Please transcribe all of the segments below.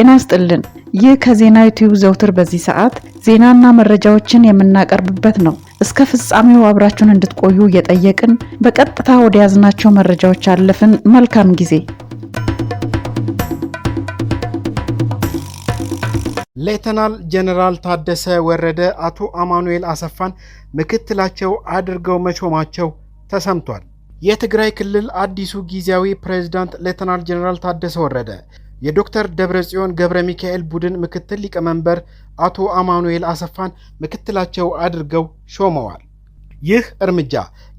ጤና ይስጥልን። ይህ ከዜና ዩቲዩብ ዘውትር በዚህ ሰዓት ዜናና መረጃዎችን የምናቀርብበት ነው። እስከ ፍጻሜው አብራችሁን እንድትቆዩ እየጠየቅን በቀጥታ ወደ ያዝናቸው መረጃዎች አለፍን። መልካም ጊዜ። ሌተናል ጀነራል ታደሰ ወረደ አቶ አማኑኤል አሰፋን ምክትላቸው አድርገው መሾማቸው ተሰምቷል። የትግራይ ክልል አዲሱ ጊዜያዊ ፕሬዝዳንት ሌተናል ጀነራል ታደሰ ወረደ የዶክተር ደብረጽዮን ገብረ ሚካኤል ቡድን ምክትል ሊቀመንበር አቶ አማኑኤል አሰፋን ምክትላቸው አድርገው ሾመዋል። ይህ እርምጃ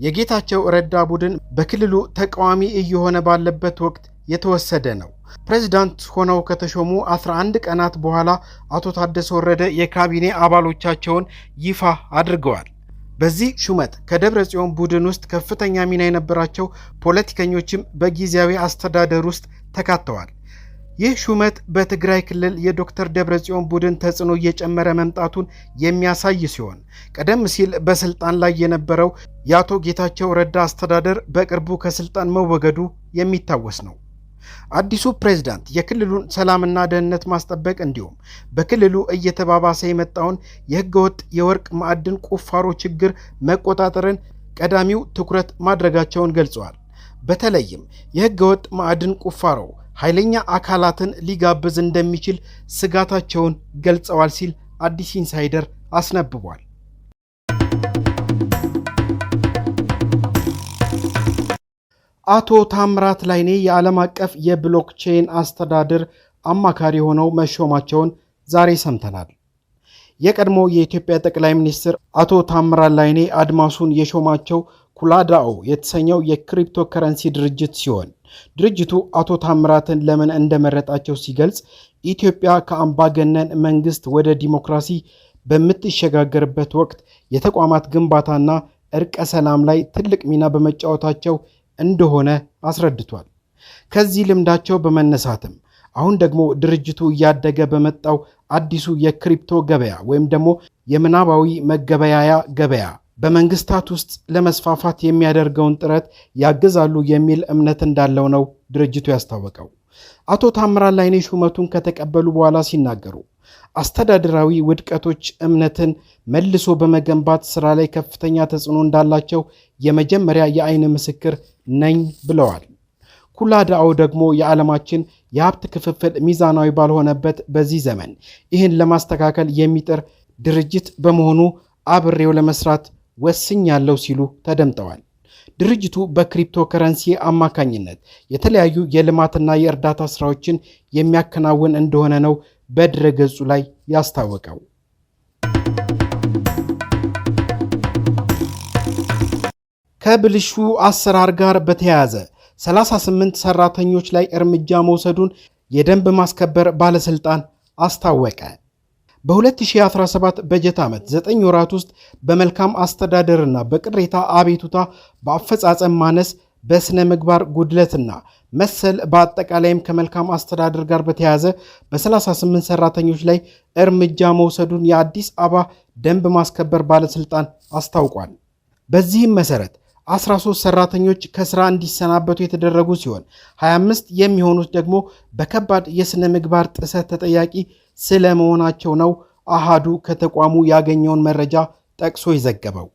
የጌታቸው ረዳ ቡድን በክልሉ ተቃዋሚ እየሆነ ባለበት ወቅት የተወሰደ ነው። ፕሬዚዳንት ሆነው ከተሾሙ 11 ቀናት በኋላ አቶ ታደሰ ወረደ የካቢኔ አባሎቻቸውን ይፋ አድርገዋል። በዚህ ሹመት ከደብረ ጽዮን ቡድን ውስጥ ከፍተኛ ሚና የነበራቸው ፖለቲከኞችም በጊዜያዊ አስተዳደር ውስጥ ተካተዋል። ይህ ሹመት በትግራይ ክልል የዶክተር ደብረጽዮን ቡድን ተጽዕኖ እየጨመረ መምጣቱን የሚያሳይ ሲሆን ቀደም ሲል በስልጣን ላይ የነበረው የአቶ ጌታቸው ረዳ አስተዳደር በቅርቡ ከስልጣን መወገዱ የሚታወስ ነው። አዲሱ ፕሬዝዳንት የክልሉን ሰላምና ደህንነት ማስጠበቅ እንዲሁም በክልሉ እየተባባሰ የመጣውን የህገወጥ የወርቅ ማዕድን ቁፋሮ ችግር መቆጣጠርን ቀዳሚው ትኩረት ማድረጋቸውን ገልጸዋል። በተለይም የህገወጥ ማዕድን ቁፋሮው ኃይለኛ አካላትን ሊጋብዝ እንደሚችል ስጋታቸውን ገልጸዋል ሲል አዲስ ኢንሳይደር አስነብቧል። አቶ ታምራት ላይኔ የዓለም አቀፍ የብሎክቼን አስተዳደር አማካሪ ሆነው መሾማቸውን ዛሬ ሰምተናል። የቀድሞ የኢትዮጵያ ጠቅላይ ሚኒስትር አቶ ታምራት ላይኔ አድማሱን የሾማቸው ኩላዳኦ የተሰኘው የክሪፕቶ ከረንሲ ድርጅት ሲሆን ድርጅቱ አቶ ታምራትን ለምን እንደመረጣቸው ሲገልጽ ኢትዮጵያ ከአምባገነን መንግስት ወደ ዲሞክራሲ በምትሸጋገርበት ወቅት የተቋማት ግንባታና እርቀ ሰላም ላይ ትልቅ ሚና በመጫወታቸው እንደሆነ አስረድቷል። ከዚህ ልምዳቸው በመነሳትም አሁን ደግሞ ድርጅቱ እያደገ በመጣው አዲሱ የክሪፕቶ ገበያ ወይም ደግሞ የምናባዊ መገበያያ ገበያ በመንግስታት ውስጥ ለመስፋፋት የሚያደርገውን ጥረት ያግዛሉ የሚል እምነት እንዳለው ነው ድርጅቱ ያስታወቀው። አቶ ታምራት ላይኔ ሹመቱን ከተቀበሉ በኋላ ሲናገሩ አስተዳደራዊ ውድቀቶች እምነትን መልሶ በመገንባት ስራ ላይ ከፍተኛ ተጽዕኖ እንዳላቸው የመጀመሪያ የአይን ምስክር ነኝ ብለዋል። ኩላዳው ደግሞ የዓለማችን የሀብት ክፍፍል ሚዛናዊ ባልሆነበት በዚህ ዘመን ይህን ለማስተካከል የሚጥር ድርጅት በመሆኑ አብሬው ለመስራት ወስኛለሁ ሲሉ ተደምጠዋል። ድርጅቱ በክሪፕቶ ከረንሲ አማካኝነት የተለያዩ የልማትና የእርዳታ ስራዎችን የሚያከናውን እንደሆነ ነው በድረገጹ ላይ ያስታወቀው። ከብልሹ አሰራር ጋር በተያያዘ 38 ሰራተኞች ላይ እርምጃ መውሰዱን የደንብ ማስከበር ባለስልጣን አስታወቀ። በ2017 በጀት ዓመት ዘጠኝ ወራት ውስጥ በመልካም አስተዳደርና በቅሬታ አቤቱታ፣ በአፈጻጸም ማነስ፣ በሥነ ምግባር ጉድለትና መሰል በአጠቃላይም ከመልካም አስተዳደር ጋር በተያያዘ በ38 ሰራተኞች ላይ እርምጃ መውሰዱን የአዲስ አበባ ደንብ ማስከበር ባለስልጣን አስታውቋል። በዚህም መሰረት 13 ሰራተኞች ከስራ እንዲሰናበቱ የተደረጉ ሲሆን 25 የሚሆኑት ደግሞ በከባድ የሥነ ምግባር ጥሰት ተጠያቂ ስለመሆናቸው ነው አሃዱ ከተቋሙ ያገኘውን መረጃ ጠቅሶ የዘገበው።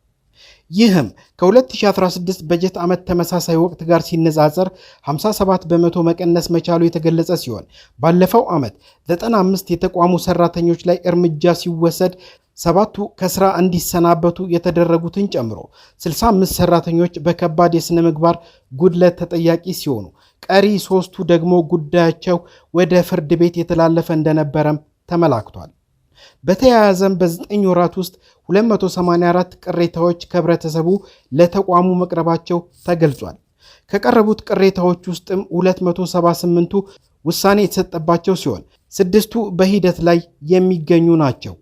ይህም ከ2016 በጀት ዓመት ተመሳሳይ ወቅት ጋር ሲነጻጸር 57 በመቶ መቀነስ መቻሉ የተገለጸ ሲሆን ባለፈው ዓመት 95 የተቋሙ ሰራተኞች ላይ እርምጃ ሲወሰድ ሰባቱ ከስራ እንዲሰናበቱ የተደረጉትን ጨምሮ 65 ሰራተኞች በከባድ የሥነ ምግባር ጉድለት ተጠያቂ ሲሆኑ ቀሪ ሶስቱ ደግሞ ጉዳያቸው ወደ ፍርድ ቤት የተላለፈ እንደነበረም ተመላክቷል። በተያያዘም በ9 ወራት ውስጥ 284 ቅሬታዎች ከህብረተሰቡ ለተቋሙ መቅረባቸው ተገልጿል። ከቀረቡት ቅሬታዎች ውስጥም 278ቱ ውሳኔ የተሰጠባቸው ሲሆን ስድስቱ በሂደት ላይ የሚገኙ ናቸው።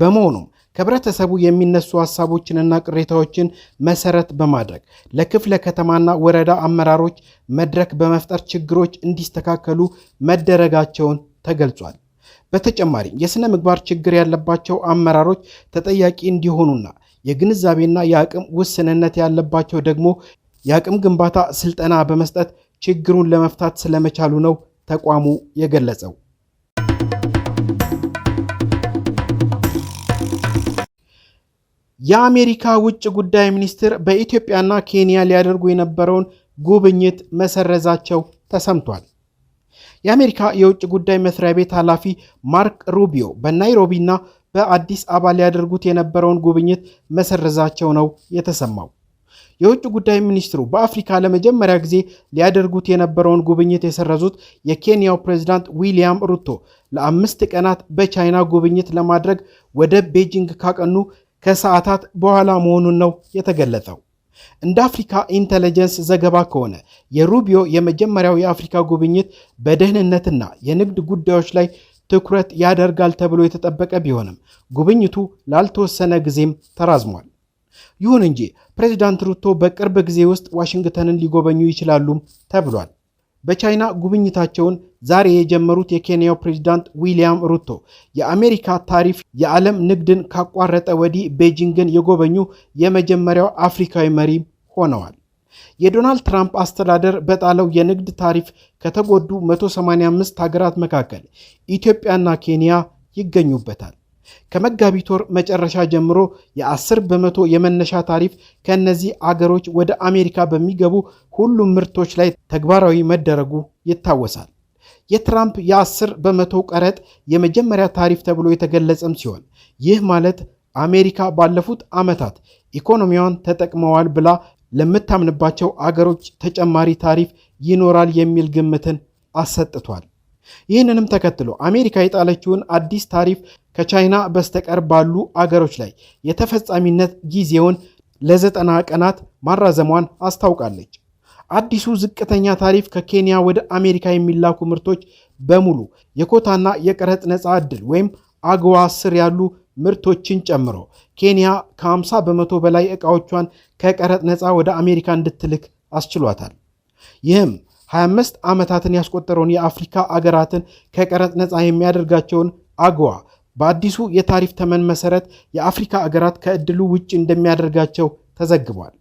በመሆኑም ከህብረተሰቡ የሚነሱ ሀሳቦችንና ቅሬታዎችን መሰረት በማድረግ ለክፍለ ከተማና ወረዳ አመራሮች መድረክ በመፍጠር ችግሮች እንዲስተካከሉ መደረጋቸውን ተገልጿል። በተጨማሪም የሥነ ምግባር ችግር ያለባቸው አመራሮች ተጠያቂ እንዲሆኑና የግንዛቤና የአቅም ውስንነት ያለባቸው ደግሞ የአቅም ግንባታ ስልጠና በመስጠት ችግሩን ለመፍታት ስለመቻሉ ነው ተቋሙ የገለጸው። የአሜሪካ ውጭ ጉዳይ ሚኒስትር በኢትዮጵያና ኬንያ ሊያደርጉ የነበረውን ጉብኝት መሰረዛቸው ተሰምቷል። የአሜሪካ የውጭ ጉዳይ መስሪያ ቤት ኃላፊ ማርክ ሩቢዮ በናይሮቢና በአዲስ አበባ ሊያደርጉት የነበረውን ጉብኝት መሰረዛቸው ነው የተሰማው። የውጭ ጉዳይ ሚኒስትሩ በአፍሪካ ለመጀመሪያ ጊዜ ሊያደርጉት የነበረውን ጉብኝት የሰረዙት የኬንያው ፕሬዚዳንት ዊሊያም ሩቶ ለአምስት ቀናት በቻይና ጉብኝት ለማድረግ ወደ ቤጂንግ ካቀኑ ከሰዓታት በኋላ መሆኑን ነው የተገለጸው። እንደ አፍሪካ ኢንተለጀንስ ዘገባ ከሆነ የሩቢዮ የመጀመሪያው የአፍሪካ ጉብኝት በደህንነትና የንግድ ጉዳዮች ላይ ትኩረት ያደርጋል ተብሎ የተጠበቀ ቢሆንም ጉብኝቱ ላልተወሰነ ጊዜም ተራዝሟል። ይሁን እንጂ ፕሬዚዳንት ሩቶ በቅርብ ጊዜ ውስጥ ዋሽንግተንን ሊጎበኙ ይችላሉም ተብሏል። በቻይና ጉብኝታቸውን ዛሬ የጀመሩት የኬንያው ፕሬዚዳንት ዊሊያም ሩቶ የአሜሪካ ታሪፍ የዓለም ንግድን ካቋረጠ ወዲህ ቤጂንግን የጎበኙ የመጀመሪያው አፍሪካዊ መሪ ሆነዋል። የዶናልድ ትራምፕ አስተዳደር በጣለው የንግድ ታሪፍ ከተጎዱ 185 ሀገራት መካከል ኢትዮጵያና ኬንያ ይገኙበታል። ከመጋቢት ወር መጨረሻ ጀምሮ የ10 በመቶ የመነሻ ታሪፍ ከእነዚህ አገሮች ወደ አሜሪካ በሚገቡ ሁሉም ምርቶች ላይ ተግባራዊ መደረጉ ይታወሳል። የትራምፕ የ10 በመቶ ቀረጥ የመጀመሪያ ታሪፍ ተብሎ የተገለጸም ሲሆን ይህ ማለት አሜሪካ ባለፉት ዓመታት ኢኮኖሚዋን ተጠቅመዋል ብላ ለምታምንባቸው አገሮች ተጨማሪ ታሪፍ ይኖራል የሚል ግምትን አሰጥቷል። ይህንንም ተከትሎ አሜሪካ የጣለችውን አዲስ ታሪፍ ከቻይና በስተቀር ባሉ አገሮች ላይ የተፈጻሚነት ጊዜውን ለዘጠና ቀናት ማራዘሟን አስታውቃለች። አዲሱ ዝቅተኛ ታሪፍ ከኬንያ ወደ አሜሪካ የሚላኩ ምርቶች በሙሉ የኮታና የቀረጥ ነፃ ዕድል ወይም አግዋ ስር ያሉ ምርቶችን ጨምሮ ኬንያ ከ50 በመቶ በላይ ዕቃዎቿን ከቀረጥ ነፃ ወደ አሜሪካ እንድትልክ አስችሏታል። ይህም 25 ዓመታትን ያስቆጠረውን የአፍሪካ አገራትን ከቀረጥ ነፃ የሚያደርጋቸውን አግዋ በአዲሱ የታሪፍ ተመን መሰረት የአፍሪካ አገራት ከእድሉ ውጭ እንደሚያደርጋቸው ተዘግቧል።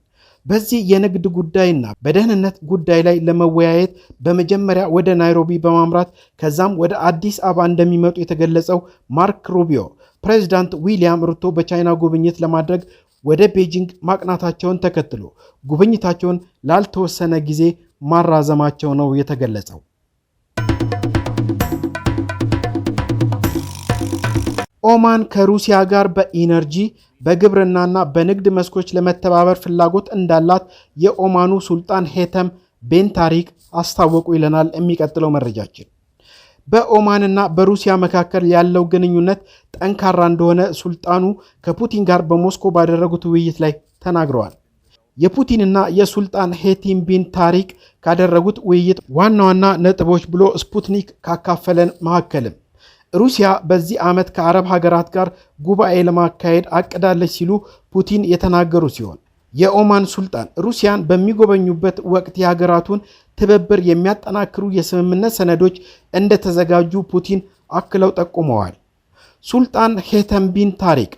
በዚህ የንግድ ጉዳይና በደህንነት ጉዳይ ላይ ለመወያየት በመጀመሪያ ወደ ናይሮቢ በማምራት ከዛም ወደ አዲስ አበባ እንደሚመጡ የተገለጸው ማርክ ሩቢዮ ፕሬዚዳንት ዊሊያም ሩቶ በቻይና ጉብኝት ለማድረግ ወደ ቤጂንግ ማቅናታቸውን ተከትሎ ጉብኝታቸውን ላልተወሰነ ጊዜ ማራዘማቸው ነው የተገለጸው። ኦማን ከሩሲያ ጋር በኢነርጂ በግብርናና በንግድ መስኮች ለመተባበር ፍላጎት እንዳላት የኦማኑ ሱልጣን ሄተም ቤን ታሪክ አስታወቁ ይለናል የሚቀጥለው መረጃችን። በኦማንና በሩሲያ መካከል ያለው ግንኙነት ጠንካራ እንደሆነ ሱልጣኑ ከፑቲን ጋር በሞስኮ ባደረጉት ውይይት ላይ ተናግረዋል። የፑቲንና የሱልጣን ሄቲም ቢን ታሪክ ካደረጉት ውይይት ዋና ዋና ነጥቦች ብሎ ስፑትኒክ ካካፈለን መካከልም ሩሲያ በዚህ ዓመት ከአረብ ሀገራት ጋር ጉባኤ ለማካሄድ አቅዳለች ሲሉ ፑቲን የተናገሩ ሲሆን የኦማን ሱልጣን ሩሲያን በሚጎበኙበት ወቅት የሀገራቱን ትብብር የሚያጠናክሩ የስምምነት ሰነዶች እንደተዘጋጁ ፑቲን አክለው ጠቁመዋል። ሱልጣን ሄተም ቢን ታሪክ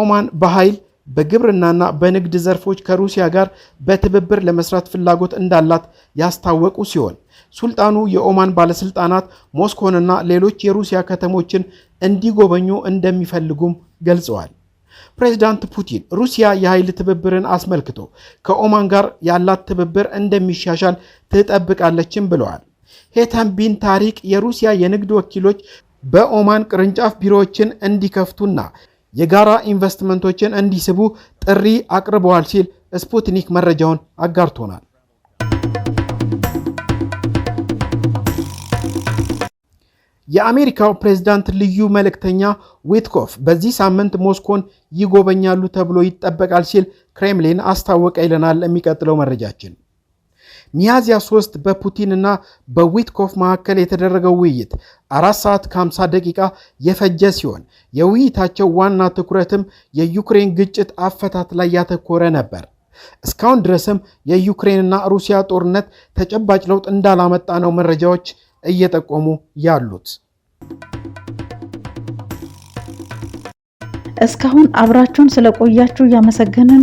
ኦማን በኃይል በግብርናና በንግድ ዘርፎች ከሩሲያ ጋር በትብብር ለመስራት ፍላጎት እንዳላት ያስታወቁ ሲሆን ሱልጣኑ የኦማን ባለስልጣናት ሞስኮንና ሌሎች የሩሲያ ከተሞችን እንዲጎበኙ እንደሚፈልጉም ገልጸዋል። ፕሬዚዳንት ፑቲን ሩሲያ የኃይል ትብብርን አስመልክቶ ከኦማን ጋር ያላት ትብብር እንደሚሻሻል ትጠብቃለችም ብለዋል። ሄተም ቢን ታሪክ የሩሲያ የንግድ ወኪሎች በኦማን ቅርንጫፍ ቢሮዎችን እንዲከፍቱና የጋራ ኢንቨስትመንቶችን እንዲስቡ ጥሪ አቅርበዋል ሲል ስፑትኒክ መረጃውን አጋርቶናል። የአሜሪካው ፕሬዝዳንት ልዩ መልእክተኛ ዊትኮፍ በዚህ ሳምንት ሞስኮን ይጎበኛሉ ተብሎ ይጠበቃል ሲል ክሬምሊን አስታወቀ ይለናል የሚቀጥለው መረጃችን። ሚያዝያ 3 በፑቲን እና በዊትኮፍ መካከል የተደረገው ውይይት አራት ሰዓት ከ50 ደቂቃ የፈጀ ሲሆን የውይይታቸው ዋና ትኩረትም የዩክሬን ግጭት አፈታት ላይ ያተኮረ ነበር። እስካሁን ድረስም የዩክሬንና ሩሲያ ጦርነት ተጨባጭ ለውጥ እንዳላመጣ ነው መረጃዎች እየጠቆሙ ያሉት። እስካሁን አብራችሁን ስለቆያችሁ እያመሰገንን